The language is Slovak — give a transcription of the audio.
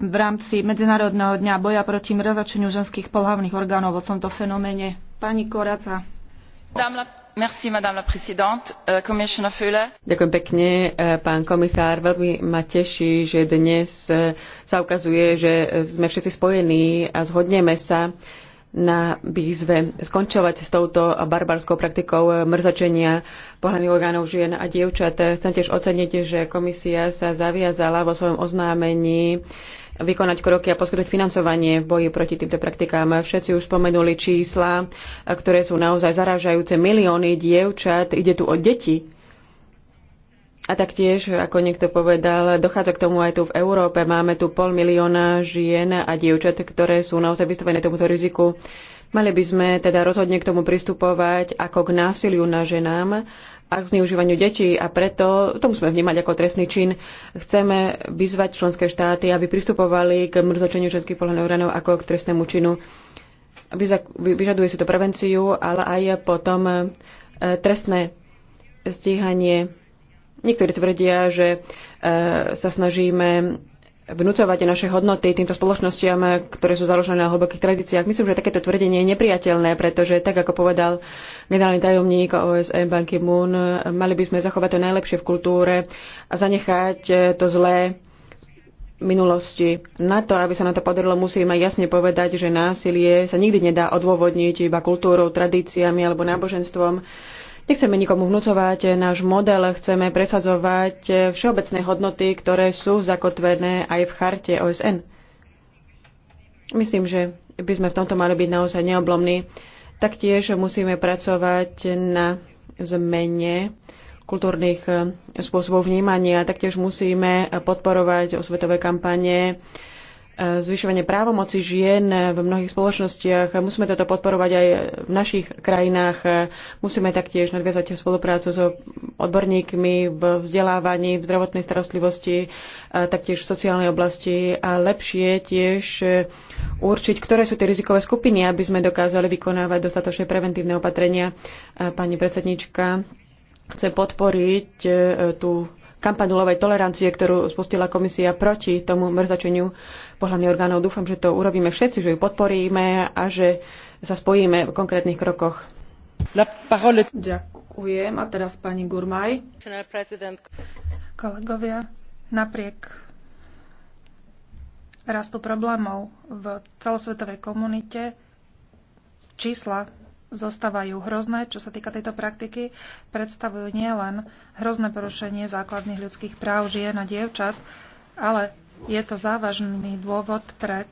v rámci Medzinárodného dňa boja proti mrazačeniu ženských pohlavných orgánov o tomto fenoméne. Pani Koraca. Euh, Ďakujem pekne, e, pán komisár. Veľmi ma teší, že dnes e, sa ukazuje, že sme všetci spojení a zhodneme sa na výzve skončovať s touto barbarskou praktikou e, mrzačenia pohľadných orgánov žien a dievčat. Chcem tiež oceniť, že komisia sa zaviazala vo svojom oznámení vykonať kroky a poskytnúť financovanie v boji proti týmto praktikám. Všetci už spomenuli čísla, ktoré sú naozaj zarážajúce. Milióny dievčat, ide tu o deti. A taktiež, ako niekto povedal, dochádza k tomu aj tu v Európe. Máme tu pol milióna žien a dievčat, ktoré sú naozaj vystavené tomuto riziku. Mali by sme teda rozhodne k tomu pristupovať ako k násiliu na ženám a k zneužívaniu detí a preto to musíme vnímať ako trestný čin. Chceme vyzvať členské štáty, aby pristupovali k mrzačeniu ženských pohľadných orgánov ako k trestnému činu. Vyžaduje si to prevenciu, ale aj potom e, trestné stíhanie. Niektorí tvrdia, že e, sa snažíme vnúcovať naše hodnoty týmto spoločnostiam, ktoré sú založené na hlbokých tradíciách. Myslím, že takéto tvrdenie je nepriateľné, pretože, tak ako povedal generálny tajomník OSN Ban Ki-moon, mali by sme zachovať to najlepšie v kultúre a zanechať to zlé minulosti. Na to, aby sa na to podarilo, musíme jasne povedať, že násilie sa nikdy nedá odôvodniť iba kultúrou, tradíciami alebo náboženstvom Nechceme nikomu vnúcovať náš model, chceme presadzovať všeobecné hodnoty, ktoré sú zakotvené aj v charte OSN. Myslím, že by sme v tomto mali byť naozaj neoblomní. Taktiež musíme pracovať na zmene kultúrnych spôsobov vnímania. Taktiež musíme podporovať osvetové kampanie, zvyšovanie právomoci žien v mnohých spoločnostiach. Musíme toto podporovať aj v našich krajinách. Musíme taktiež nadviazať spoluprácu so odborníkmi v vzdelávaní, v zdravotnej starostlivosti, taktiež v sociálnej oblasti a lepšie tiež určiť, ktoré sú tie rizikové skupiny, aby sme dokázali vykonávať dostatočné preventívne opatrenia. Pani predsedníčka, chce podporiť e, tú kampaň nulovej tolerancie, ktorú spustila komisia proti tomu mrzačeniu pohľadných orgánov. Dúfam, že to urobíme všetci, že ju podporíme a že sa spojíme v konkrétnych krokoch. La parole... Ďakujem. A teraz pani Gurmaj. Kolegovia, napriek rastu problémov v celosvetovej komunite, čísla zostávajú hrozné, čo sa týka tejto praktiky, predstavujú nielen hrozné porušenie základných ľudských práv žien a dievčat, ale je to závažný dôvod pre